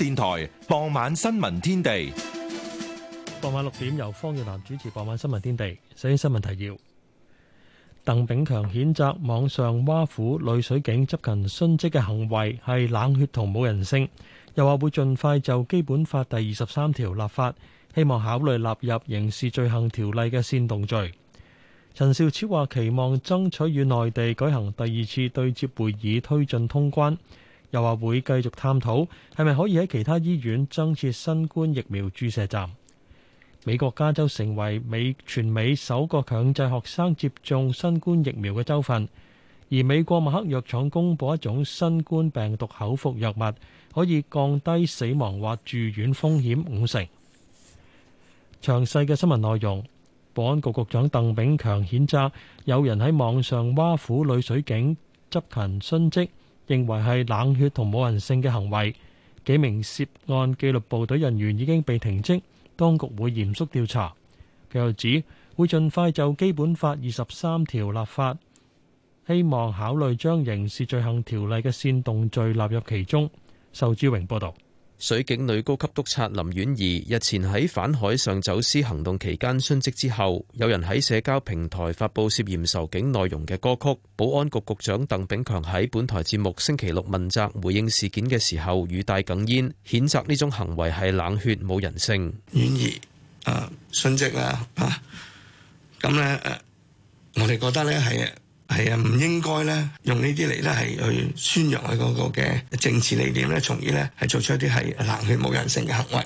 電台傍晚新聞天地，傍晚六點由方月蘭主持。傍晚新聞天地，首先新聞提要：鄧炳強譴責網上挖苦女水警執勤殉職嘅行為係冷血同冇人性，又話會盡快就《基本法》第二十三條立法，希望考慮納入刑事罪行條例嘅煽動罪。陳肇始話期望爭取與內地舉行第二次對接會議，推進通關。又話會繼續探討係咪可以喺其他醫院增設新冠疫苗注射站。美國加州成為美全美首個強制學生接種新冠疫苗嘅州份。而美國默克藥廠公佈一種新冠病毒口服藥物，可以降低死亡或住院風險五成。詳細嘅新聞內容，保安局局長鄧炳強譴責有人喺網上挖苦女水警執勤殉職。認為係冷血同冇人性嘅行為，幾名涉案紀律部隊人員已經被停職，當局會嚴肅調查。佢又指會盡快就《基本法》二十三條立法，希望考慮將《刑事罪行條例》嘅煽動罪納入其中。仇志榮報導。水警女高級督察林婉儀日前喺反海上走私行動期間殉職之後，有人喺社交平台發佈涉嫌仇警內容嘅歌曲。保安局局長鄧炳強喺本台節目星期六問責回應事件嘅時候語帶哽咽，譴責呢種行為係冷血冇人性。婉儀殉職啦啊，咁呢、啊啊啊、我哋覺得呢係。係啊，唔應該咧用呢啲嚟咧係去宣揚佢嗰個嘅政治理念咧，從而咧係做出一啲係冷血冇人性嘅行為。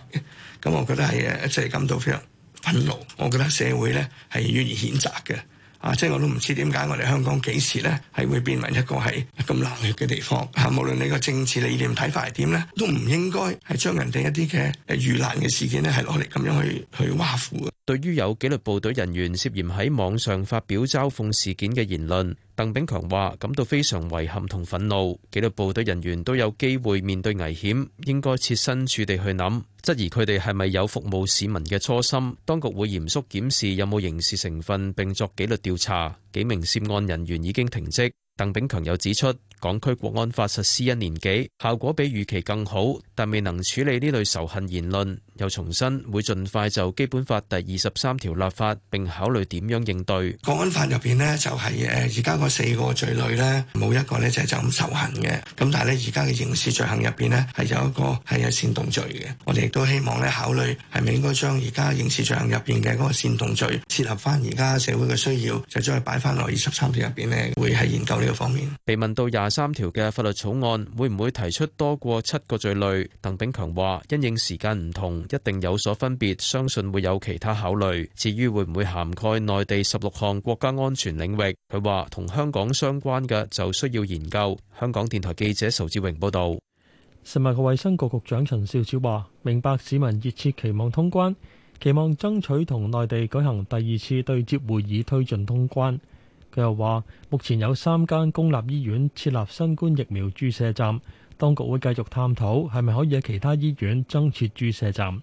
咁我覺得係誒，即係感到非常憤怒。我覺得社會咧係予以譴責嘅。啊，即係我都唔知點解我哋香港幾時咧係會變為一個係咁冷血嘅地方嚇。無論你個政治理念睇法係點咧，都唔應該係將人哋一啲嘅遇難嘅事件咧係攞嚟咁樣去去挖苦。對於有紀律部隊人員涉嫌喺網上發表嘲諷事件嘅言論，鄧炳強話感到非常遺憾同憤怒。紀律部隊人員都有機會面對危險，應該設身處地去諗，質疑佢哋係咪有服務市民嘅初心。當局會嚴肅檢視有冇刑事成分，並作紀律調查。幾名涉案人員已經停職。鄧炳強又指出，港區國安法實施一年幾，效果比預期更好，但未能處理呢類仇恨言論。又重申會盡快就基本法第二十三條立法，並考慮點樣應對。國安法入邊呢就係誒而家嗰四個罪類呢冇，一個呢就係就咁仇恨嘅，咁但係呢而家嘅刑事罪行入邊呢係有一個係有煽動罪嘅。我哋亦都希望咧考慮係咪應該將而家刑事罪行入邊嘅嗰個煽動罪設立翻而家社會嘅需要，就將佢擺翻落二十三條入邊呢會係研究。被問到廿三條嘅法律草案會唔會提出多過七個罪類，鄧炳強話：因應時間唔同，一定有所分別，相信會有其他考慮。至於會唔會涵蓋內地十六項國家安全領域，佢話同香港相關嘅就需要研究。香港電台記者仇志榮報導。食物及衛生局局長陳肇始話：明白市民熱切期望通關，期望爭取同內地舉行第二次對接會議，推進通關。佢又話：目前有三間公立醫院設立新冠疫苗注射站，當局會繼續探討係咪可以喺其他醫院增設注射站。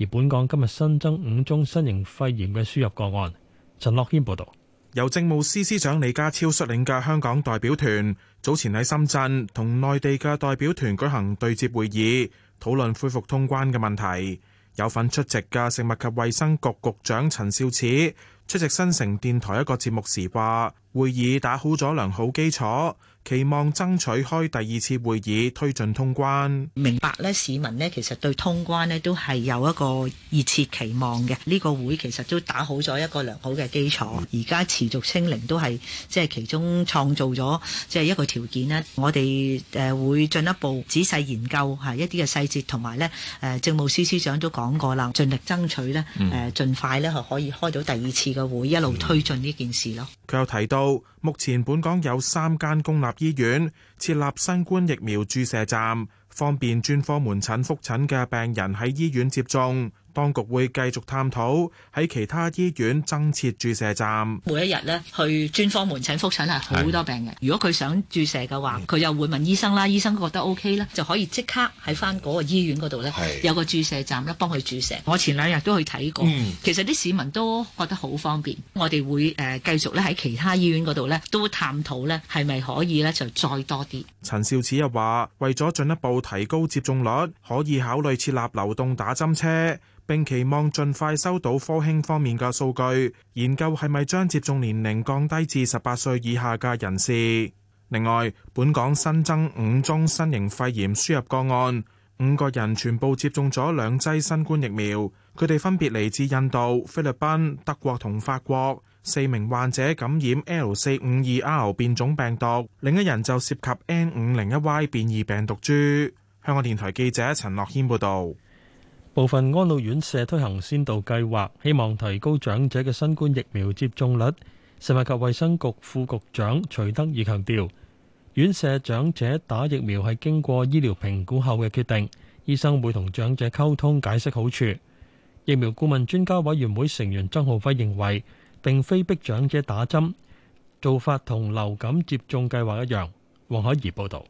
而本港今日新增五宗新型肺炎嘅輸入個案。陳樂軒報導，由政務司司長李家超率領嘅香港代表團，早前喺深圳同內地嘅代表團舉行對接會議，討論恢復通關嘅問題。有份出席嘅食物及衛生局局長陳肇始出席新城電台一個節目時話：會議打好咗良好基礎。期望爭取開第二次會議，推進通關。明白咧，市民咧其實對通關咧都係有一個熱切期望嘅。呢、呢個會其實都打好咗一個良好嘅基礎，而家持續清零都係即係其中創造咗即係一個條件啦。我哋誒會進一步仔細研究吓一啲嘅細節，同埋咧誒政務司司長都講過啦，盡力爭取咧誒盡快咧可可以開到第二次嘅會，一路推進呢件事咯。佢、嗯、又提到，目前本港有三間公立醫院，設立新冠疫苗注射站，方便專科門診覆診嘅病人喺醫院接種。當局會繼續探討喺其他醫院增設注射站。每一日咧，去專科門診覆診係好多病人。如果佢想注射嘅話，佢又會問醫生啦，醫生覺得 OK 啦，就可以即刻喺翻嗰個醫院嗰度咧，有個注射站咧幫佢注射。我前兩日都去睇過，嗯，其實啲市民都覺得好方便。我哋會誒繼續咧喺其他醫院嗰度咧都探討咧係咪可以咧就再多。陳肇始又話，為咗進一步提高接種率，可以考慮設立流動打針車，並期望盡快收到科興方面嘅數據，研究係咪將接種年齡降低至十八歲以下嘅人士。另外，本港新增五宗新型肺炎輸入個案。五個人全部接種咗兩劑新冠疫苗，佢哋分別嚟自印度、菲律賓、德國同法國。四名患者感染 L 四五二 R 變種病毒，另一人就涉及 N 五零一 Y 變異病毒株。香港電台記者陳樂軒報導。部分安老院社推行先導計劃，希望提高長者嘅新冠疫苗接種率。食物及衛生局副局長徐德義強調。院舍長者打疫苗係經過醫療評估後嘅決定，醫生會同長者溝通，解釋好處。疫苗顧問專家委員會成員曾浩輝認為並非逼長者打針，做法同流感接種計劃一樣。黃海怡報道。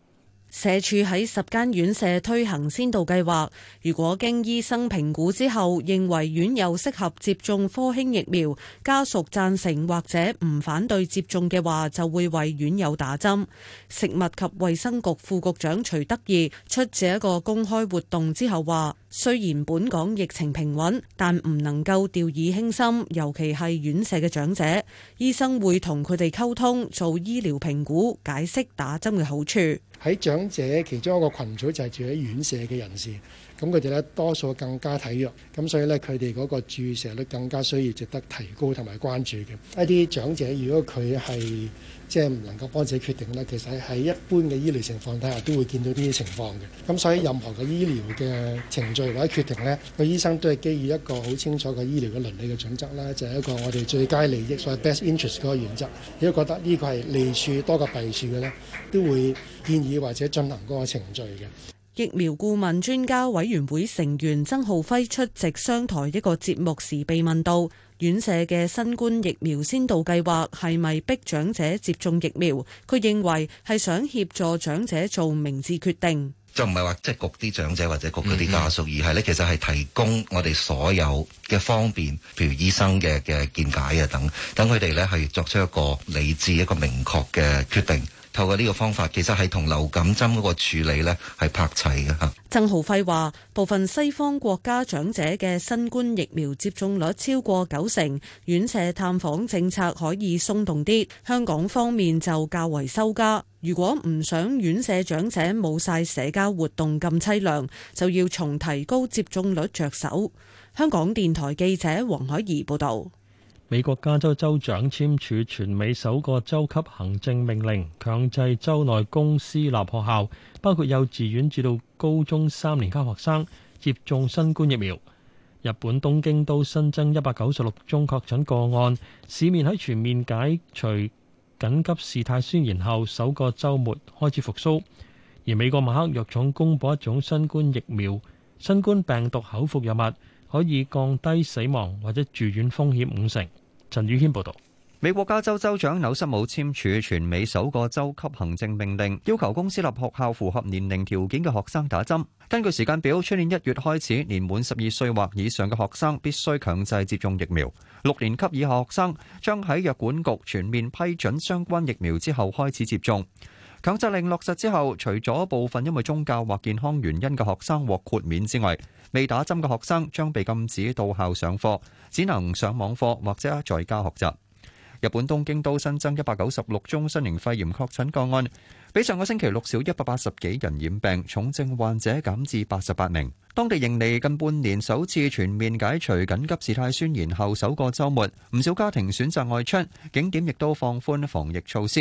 社署喺十間院舍推行先導計劃，如果經醫生評估之後認為院友適合接種科興疫苗，家屬贊成或者唔反對接種嘅話，就會為院友打針。食物及衛生局副局長徐德義出席一個公開活動之後話：雖然本港疫情平穩，但唔能夠掉以輕心，尤其係院舍嘅長者，醫生會同佢哋溝通，做醫療評估，解釋打針嘅好處。喺長者其中一個群組就係住喺院舍嘅人士，咁佢哋咧多數更加體弱，咁所以咧佢哋嗰個注射率更加需要值得提高同埋關注嘅一啲長者，如果佢係，即係唔能夠幫自己決定咧，其實喺一般嘅醫療情況底下都會見到呢啲情況嘅。咁所以任何嘅醫療嘅程序或者決定呢個醫生都係基於一個好清楚嘅醫療嘅倫理嘅準則啦，就係一個我哋最佳利益所謂 best interest 嗰個原則。如果覺得呢個係利處多過弊處嘅呢，都會建議或者進行嗰個程序嘅。疫苗顧問專家委員會成員曾浩輝出席商台一個節目時被問到，院舍嘅新冠疫苗先導計劃係咪逼長者接種疫苗？佢認為係想協助長者做明智決定，就唔係話即係焗啲長者或者焗嗰啲家屬，而係咧其實，係提供我哋所有嘅方便，譬如醫生嘅嘅見解啊，等等佢哋咧係作出一個理智一個明確嘅決定。透過呢個方法，其實係同流感針嗰個處理呢係拍齊嘅。哈，曾浩輝話：部分西方國家長者嘅新冠疫苗接種率超過九成，院舍探訪政策可以鬆動啲。香港方面就較為收家。如果唔想院舍長者冇晒社交活動咁凄涼，就要從提高接種率着手。香港電台記者黃海怡報導。美國加州州長簽署全美首個州級行政命令，強制州內公私立學校，包括幼稚園至到高中三年級學生接種新冠疫苗。日本東京都新增一百九十六宗確診個案，市面喺全面解除緊急事態宣言後首個周末開始復甦。而美國默克藥廠公布一種新冠疫苗，新冠病毒口服藥物可以降低死亡或者住院風險五成。陳宇軒報道，美國加州州長紐森姆簽署全美首個州級行政命令，要求公私立學校符合年齡條件嘅學生打針。根據時間表，出年一月開始，年滿十二歲或以上嘅學生必須強制接種疫苗。六年級以下學生將喺藥管局全面批准相關疫苗之後開始接種。強制令落實之後，除咗部分因為宗教或健康原因嘅學生獲豁免之外，未打針嘅學生將被禁止到校上課，只能上網課或者在家學習。日本東京都新增一百九十六宗新型肺炎確診個案，比上個星期六少一百八十幾人染病，重症患者減至八十八名。當地迎嚟近半年首次全面解除緊急事態宣言後首個週末，唔少家庭選擇外出，景點亦都放寬防疫措施。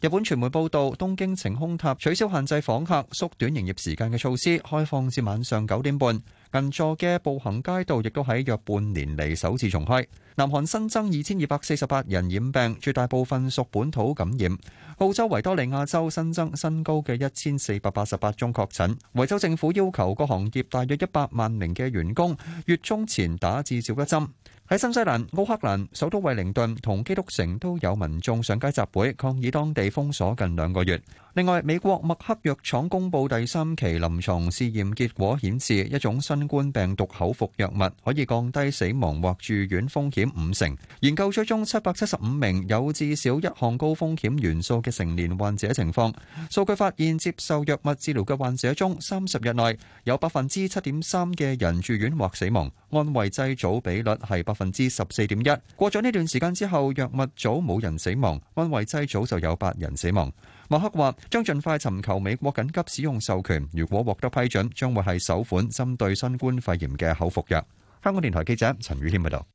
日本傳媒報道，東京晴空塔取消限制訪客、縮短營業時間嘅措施，開放至晚上九點半。銀座嘅步行街道亦都喺約半年嚟首次重開。南韓新增2248人染病，絕大部分屬本土感染。澳洲維多利亞州新增新高嘅1488宗確診，維州政府要求各行業帶。約一百萬名嘅員工月中前打至少一針。喺新西蘭、奧克蘭、首都惠靈頓同基督城都有民眾上街集會，抗議當地封鎖近兩個月。另外，美國麥克藥廠公佈第三期臨床試驗結果顯示，一種新冠病毒口服藥物可以降低死亡或住院風險五成。研究追蹤七百七十五名有至少一項高風險元素嘅成年患者情況，數據發現接受藥物治療嘅患者中，三十日內有百分之七點三嘅人住院或死亡，安慰劑組比率係百分之十四點一。過咗呢段時間之後，藥物組冇人死亡，安慰劑組就有八人死亡。默克話：將盡快尋求美國緊急使用授權，如果獲得批准，將會係首款針對新冠肺炎嘅口服藥。香港電台記者陳宇謙報道。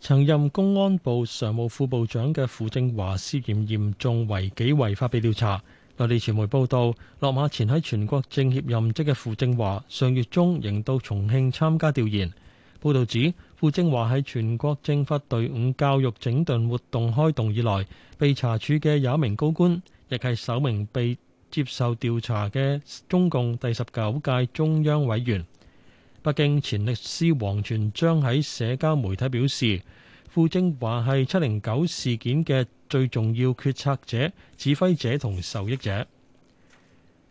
曾任公安部常務副部長嘅傅政華涉嫌嚴重違紀違法被調查。內地傳媒報道，落馬前喺全國政協任職嘅傅政華，上月中仍到重慶參加調研。報道指，傅政華喺全國政法隊伍教育整頓活動開動以來，被查處嘅有一名高官。亦係首名被接受調查嘅中共第十九屆中央委員。北京前律師王全章喺社交媒體表示，傅政華係七零九事件嘅最重要決策者、指揮者同受益者。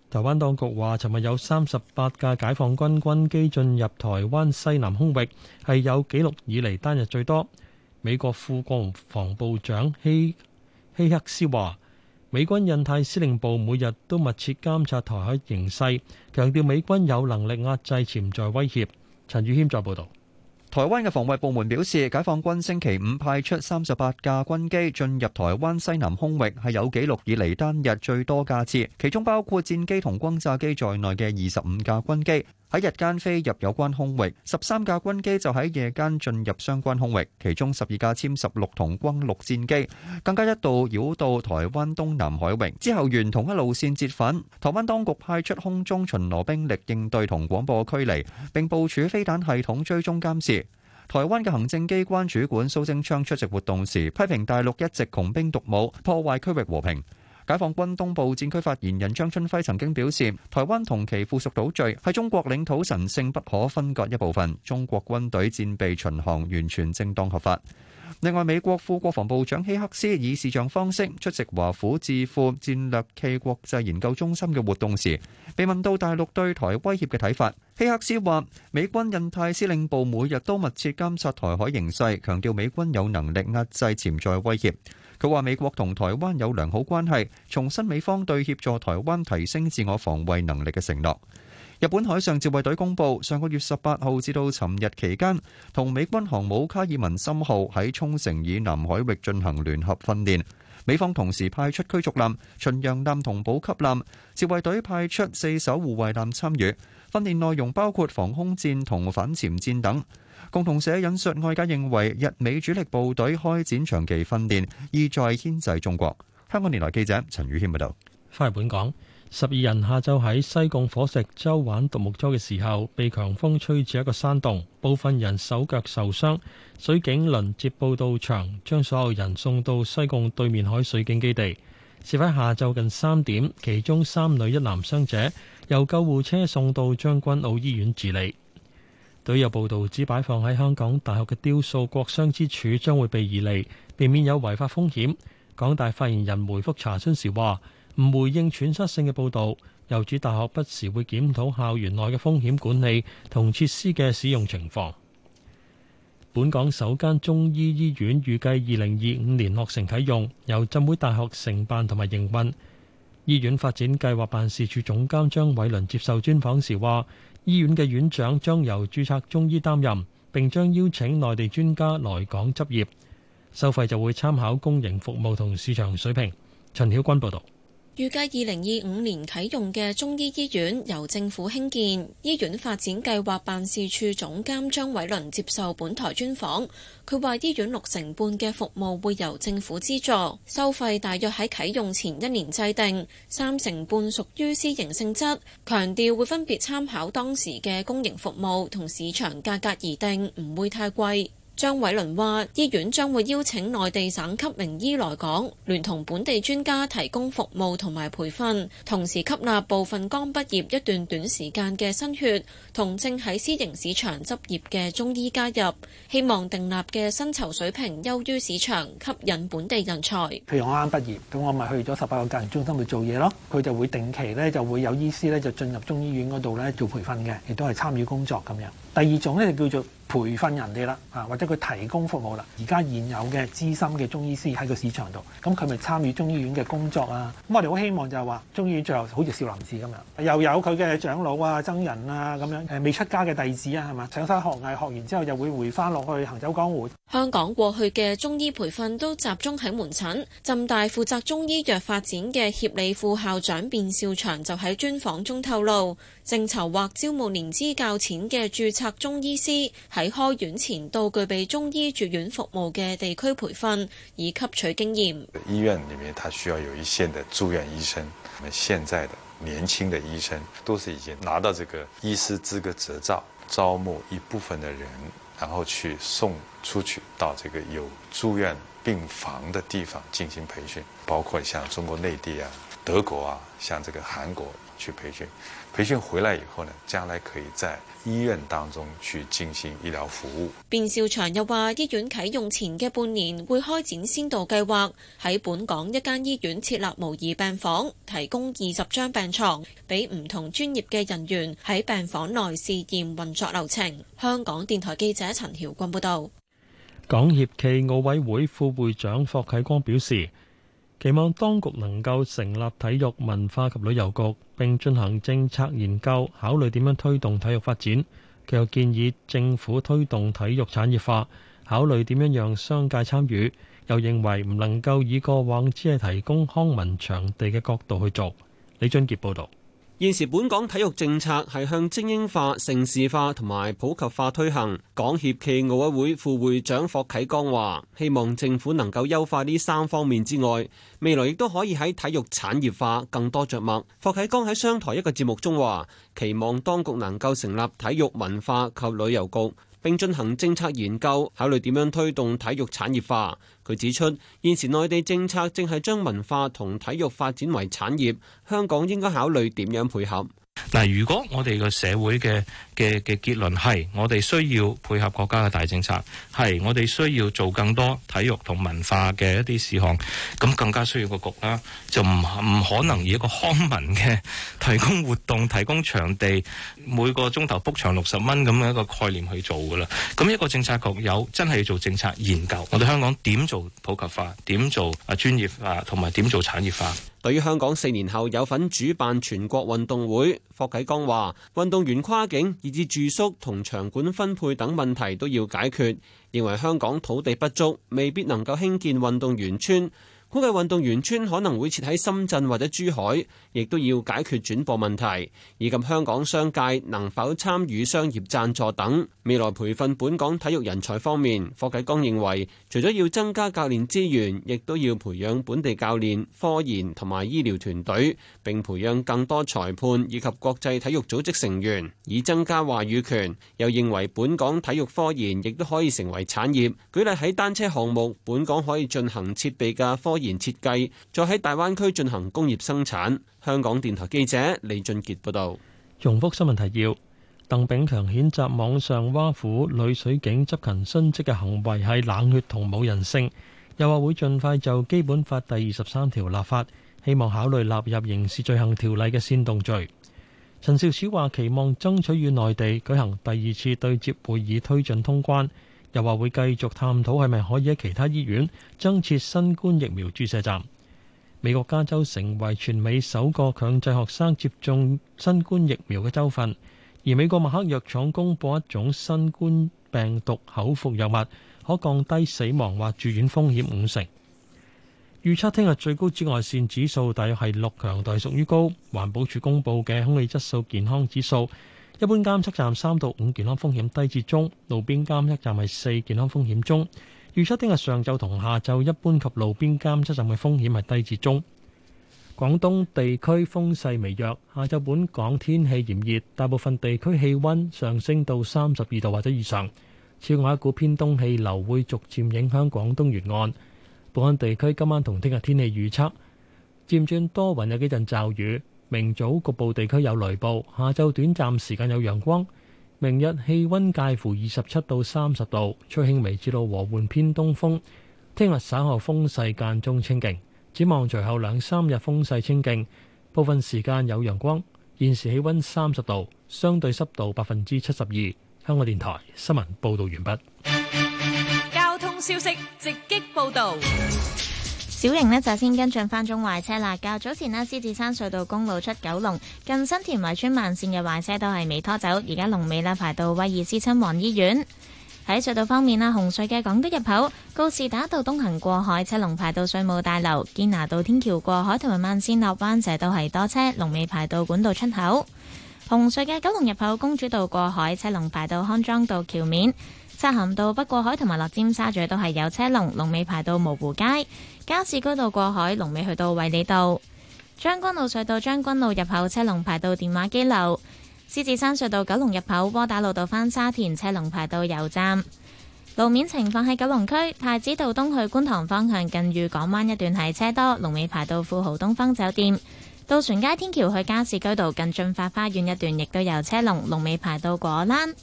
台灣當局話，尋日有三十八架解放軍軍機進入台灣西南空域，係有紀錄以嚟單日最多。美國副國防部長希希克斯話。美軍印太司令部每日都密切監察台海形勢，強調美軍有能力壓制潛在威脅。陳宇謙再報道，台灣嘅防衛部門表示，解放軍星期五派出三十八架軍機進入台灣西南空域，係有記錄以嚟單日最多架次，其中包括戰機同轟炸機在內嘅二十五架軍機。喺日間飛入有關空域，十三架軍機就喺夜間進入相關空域，其中十二架殲十六同轟六戰機，更加一度繞到台灣東南海域，之後沿同一路線折返。台灣當局派出空中巡邏兵力應對同廣播驅離，並部署飛彈系統追蹤監視。台灣嘅行政機關主管蘇貞昌出席活動時，批評大陸一直窮兵黷武，破壞區域和平。解放軍東部戰區發言人張春輝曾經表示，台灣同其附屬島嶼係中國領土神聖不可分割一部分，中國軍隊戰備巡航完全正當合法。另外，美國副國防部長希克斯以視像方式出席華府智庫戰略暨國際研究中心嘅活動時，被問到大陸對台威脅嘅睇法。希克斯話：美軍印太司令部每日都密切監察台海形勢，強調美軍有能力壓制潛在威脅。佢話：美國同台灣有良好關係，重申美方對協助台灣提升自我防衛能力嘅承諾。日本海上自衛隊公布，上個月十八號至到尋日期間，同美軍航母卡爾文森號喺沖繩以南海域進行聯合訓練。美方同時派出驅逐艦、巡洋艦同補給艦，自衛隊派出四艘護衛艦參與，訓練內容包括防空戰同反潛戰等。共同社引述外界認為，日美主力部隊開展長期訓練，意在牽制中國。香港電台記者陳宇謙報道。翻嚟本港。十二人下晝喺西貢火石洲玩獨木舟嘅時候，被強風吹至一個山洞，部分人手腳受傷。水警輪接報到場，將所有人送到西貢對面海水警基地。事發下晝近三點，其中三女一男傷者由救護車送到將軍澳醫院治理。隊有報道指，擺放喺香港大學嘅雕塑《國殤之柱》將會被移離，避免有違法風險。港大發言人回覆查詢時話。唔回應揣測性嘅報道，又指大學不時會檢討校園內嘅風險管理同設施嘅使用情況。本港首間中醫醫院預計二零二五年落成啟用，由浸會大學承辦同埋營運。醫院發展計劃辦事處總監張偉倫接受專訪時話，醫院嘅院長將由註冊中醫擔任，並將邀請內地專家來港執業，收費就會參考公營服務同市場水平。陳曉君報道。預計二零二五年啟用嘅中醫醫院由政府興建，醫院發展計劃辦事處總監張偉倫接受本台專訪，佢話醫院六成半嘅服務會由政府資助，收費大約喺啟用前一年制定，三成半屬於私營性質，強調會分別參考當時嘅公營服務同市場價格而定，唔會太貴。張偉倫話：醫院將會邀請內地省級名醫來港，聯同本地專家提供服務同埋培訓，同時吸納部分剛畢業一段短時間嘅新血，同正喺私營市場執業嘅中醫加入。希望訂立嘅薪酬水平優於市場，吸引本地人才。譬如我啱啱畢業，咁我咪去咗十八個教研中心去做嘢咯。佢就會定期呢，就會有醫師呢，就進入中醫院嗰度呢做培訓嘅，亦都係參與工作咁樣。第二種呢，就叫做。培訓人哋啦，或者佢提供服務啦。而家現有嘅資深嘅中醫師喺個市場度，咁佢咪參與中醫院嘅工作啊？咁我哋好希望就係話中醫院最後好似少林寺咁樣，又有佢嘅長老啊、僧人啊咁樣，誒未出家嘅弟子啊，係嘛，上山學藝學完之後又會回翻落去行走江湖。香港過去嘅中醫培訓都集中喺門診，浸大負責中醫藥發展嘅協理副校長卞兆祥就喺專訪中透露，正籌劃招募年資較淺嘅註冊中醫師。喺開院前到具備中醫住院服務嘅地區培訓，以吸取經驗。醫院裡面，它需要有一線的住院醫生。我們現在的年輕的醫生，都是已經拿到這個醫師資格執照，招募一部分的人，然後去送出去到這個有住院病房的地方進行培訓，包括像中國內地啊、德國啊、像這個韓國去培訓。培訓回來以後呢，將來可以在醫院當中去進行醫療服務。卞兆祥又話：醫院啟用前嘅半年會開展先導計劃，喺本港一間醫院設立模擬病房，提供二十張病床，俾唔同專業嘅人員喺病房內試驗運作流程。香港電台記者陳曉君報道。港協暨奧委會副會長霍啟剛表示。期望當局能夠成立體育文化及旅遊局，並進行政策研究，考慮點樣推動體育發展。佢又建議政府推動體育產業化，考慮點樣讓商界參與。又認為唔能夠以過往只係提供康文場地嘅角度去做。李俊傑報導。現時本港體育政策係向精英化、城市化同埋普及化推行。港協暨奧委會副會長霍啟剛話，希望政府能夠優化呢三方面之外，未來亦都可以喺體育產業化更多着墨。霍啟剛喺商台一個節目中話，期望當局能夠成立體育文化及旅遊局，並進行政策研究，考慮點樣推動體育產業化。佢指出，現時內地政策正係將文化同體育發展為產業，香港應該考慮點樣配合。嗱，如果我哋個社會嘅嘅嘅結論係我哋需要配合國家嘅大政策，係我哋需要做更多體育同文化嘅一啲事項，咁更加需要個局啦，就唔唔可能以一個康文嘅提供活動、提供場地，每個鐘頭 book 場六十蚊咁樣一個概念去做噶啦。咁一個政策局有真係要做政策研究，我哋香港點做普及化、點做啊專業化同埋點做產業化。對於香港四年後有份主辦全國運動會，霍啟剛話：運動員跨境以至住宿同場館分配等問題都要解決，認為香港土地不足，未必能夠興建運動員村。估計運動員村可能會設喺深圳或者珠海，亦都要解決轉播問題，以及香港商界能否參與商業贊助等，未來培訓本港體育人才方面，霍啟剛認為，除咗要增加教練資源，亦都要培養本地教練、科研同埋醫療團隊，並培養更多裁判以及國際體育組織成員，以增加話語權。又認為本港體育科研亦都可以成為產業。舉例喺單車項目，本港可以進行設備嘅科研。然設計，再喺大灣區進行工業生產。香港電台記者李俊傑報道。容福新聞提要：鄧炳強譴責網上挖苦女水警執勤殉職嘅行為係冷血同冇人性，又話會盡快就《基本法》第二十三條立法，希望考慮納入刑事罪行條例嘅煽動罪。陳肇始話期望爭取與內地舉行第二次對接會議，推進通關。又話會繼續探討係咪可以喺其他醫院增設新冠疫苗注射站。美國加州成為全美首個強制學生接種新冠疫苗嘅州份。而美國默克藥廠公佈一種新冠病毒口服藥物，可降低死亡或住院風險五成。預測聽日最高紫外線指數大約係六，強度屬於高。環保署公佈嘅空氣質素健康指數。一般監測站三到五，健康風險低至中，路邊監測站係四，健康風險中。預測聽日上晝同下晝一般及路邊監測站嘅風險係低至中。廣東地區風勢微弱，下晝本港天氣炎熱，大部分地區氣溫上升到三十二度或者以上。此外，一股偏東氣流會逐漸影響廣東沿岸。本港地區今晚同聽日天氣預測，漸轉多雲有幾陣驟雨。明早局部地區有雷暴，下晝短暫時間有陽光。明日氣温介乎二十七到三十度，吹輕微至到和緩偏東風。聽日稍後風勢間中清勁，展望隨後兩三日風勢清勁，部分時間有陽光。現時氣温三十度，相對濕度百分之七十二。香港電台新聞報道完畢。交通消息直擊報道。小型呢就先跟進翻中壞車啦。較早前啦，獅子山隧道公路出九龍近新田圍村慢線嘅壞車都係未拖走，而家龍尾啦排到威爾斯親王醫院。喺隧道方面啦，紅隧嘅港島入口、告士打道東行過海、車龍排到稅務大樓、堅拿道天橋過海同埋慢線落灣都係多車，龍尾排到管道出口。紅隧嘅九龍入口、公主道過海、車龍排到康莊道橋面。漆咸道北過海同埋落尖沙咀都係有車龍，龍尾排到蕪湖街；加士居道過海龍尾去到衛理道；將軍路隧道將軍路入口車龍排到電話機樓；獅子山隧道九龍入口窩打老道翻沙田車龍排到油站。路面情況喺九龍區太子道東去觀塘方向，近御港灣一段係車多，龍尾排到富豪東方酒店；渡船街天橋去加士居道近駿發花園一段亦都有車龍，龍尾排到果欄。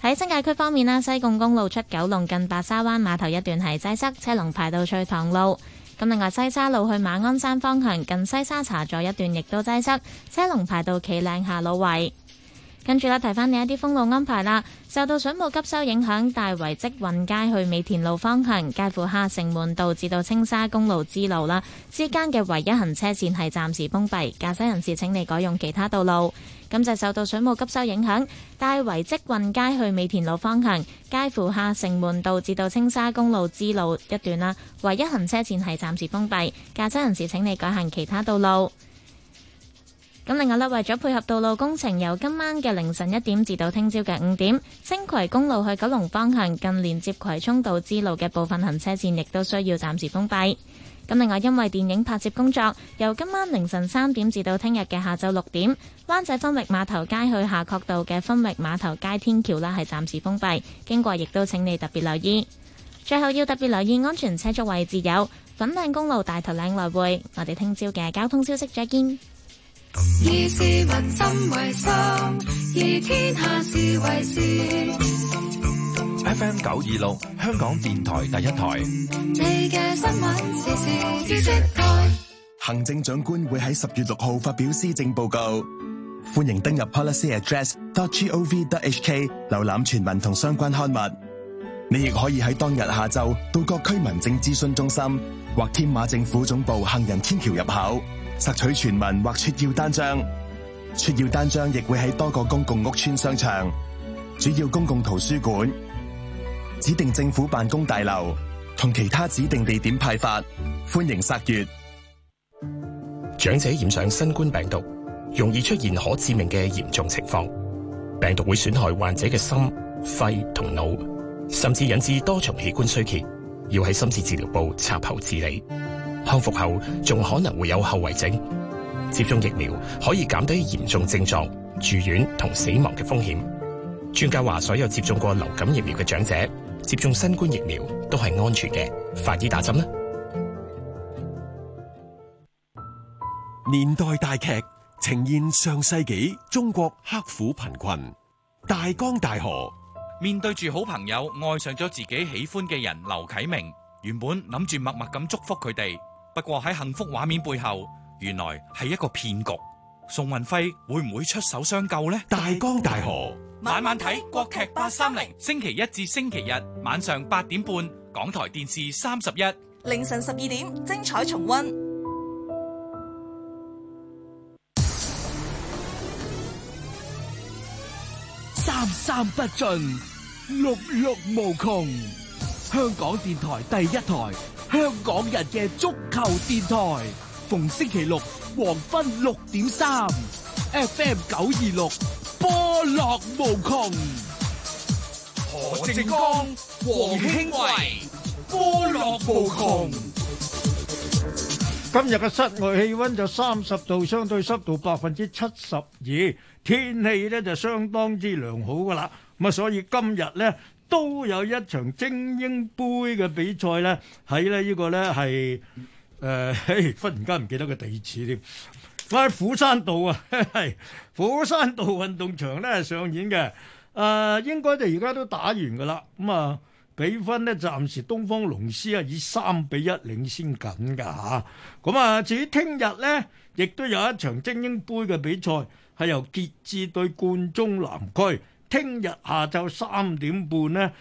喺新界區方面啦，西貢公路出九龍近白沙灣碼頭一段係擠塞，車龍排到翠塘路。咁另外西沙路去馬鞍山方向近西沙茶座一段亦都擠塞，車龍排到企嶺下老圍。跟住啦，提翻你一啲封路安排啦。受到水務急收影響，大圍積運街去美田路方向、介乎下城門道至到青沙公路支路啦之間嘅唯一行車線係暫時封閉，駕駛人士請你改用其他道路。咁就受到水務急修影響，大圍積運街去美田路方向、介乎下城門道至到青沙公路支路一段啦，唯一行車線係暫時封閉，駕車人士請你改行其他道路。咁另外咧，為咗配合道路工程，由今晚嘅凌晨一點至到聽朝嘅五點，青葵公路去九龍方向近連接葵涌道支路嘅部分行車線亦都需要暫時封閉。咁另外，因為電影拍攝工作，由今晚凌晨三點至到聽日嘅下晝六點，灣仔分域碼頭街去夏慤道嘅分域碼頭街天橋啦，係暫時封閉，經過亦都請你特別留意。最後要特別留意安全車速位置，有粉嶺公路大頭嶺來回。我哋聽朝嘅交通消息，再見。以 FM 九二六香港電台第一台。行政長官會喺十月六號發表施政報告，歡迎登入 policyaddress.gov.hk 瀏覽全文同相關刊物。你亦可以喺當日下晝到各區民政諮詢中心或天馬政府總部行人天橋入口索取全文或撮要單張。撮要單張亦會喺多個公共屋邨、商場、主要公共圖書館。指定政府辦公大樓同其他指定地點派發，歡迎索閱。長者染上新冠病毒，容易出現可致命嘅嚴重情況。病毒會損害患者嘅心、肺同腦，甚至引致多重器官衰竭，要喺深切治療部插喉治理。康復後仲可能會有後遺症。接種疫苗可以減低嚴重症狀、住院同死亡嘅風險。專家話，所有接種過流感疫苗嘅長者，接種新冠疫苗都係安全嘅，快啲打針啦！年代大劇呈現上世紀中國刻苦貧困，大江大河面對住好朋友愛上咗自己喜歡嘅人劉啟明，原本諗住默默咁祝福佢哋，不過喺幸福畫面背後，原來係一個騙局。宋運輝會唔會出手相救呢？大江大河。晚晚睇國劇八三零，星期一至星期日晚上八點半，港台電視三十一，凌晨十二點精彩重温。三三不盡，六六無窮。香港電台第一台，香港人嘅足球電台，逢星期六黃昏六點三，FM 九二六。波樂無窮，何正江、黃興偉，波樂無窮。今日嘅室外氣溫就三十度，相對濕度百分之七十二，天氣咧就相當之良好噶啦。咁啊，所以今日咧都有一場精英杯嘅比賽咧喺咧呢個咧係誒，忽然間唔記得個地址添。我喺虎山道啊，係虎山道運動場咧上演嘅，誒、呃，應該就而家都打完噶啦，咁啊比分呢暫時東方龍獅啊以三比一領先緊噶吓，咁啊至於聽日呢，亦都有一場精英杯嘅比賽，係由傑志對冠忠南區，聽日下晝三點半呢。